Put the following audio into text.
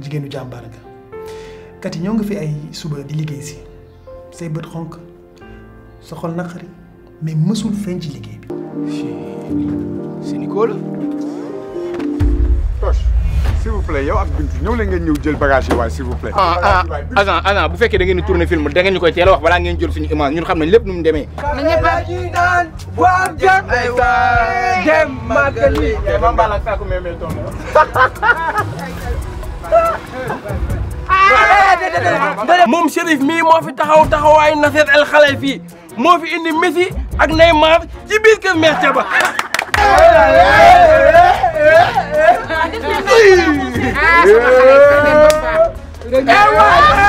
jigéenu jàmbaar ga kat yi ñoo fi ay suba di liggéey si say bët xonk sa xol mais mësul feeñ ci liggéey bi. c'est Nicole. Toch s'il vous plaît yow ak Bintu ñëw leen ngeen ñëw jël bagage yi s'il vous plaît. ah ah agent ah bu fekkee da ngeen di tourner film da ngeen ñu koy teel a wax balaa ngeen jël suñu image ñun xam nañ lépp nu moom Chérif mii moo fi taxaw taxawaayu Nasser El Khelaïfi moo fi indi Messi ak Neymar ci biir kër Mère ba. ah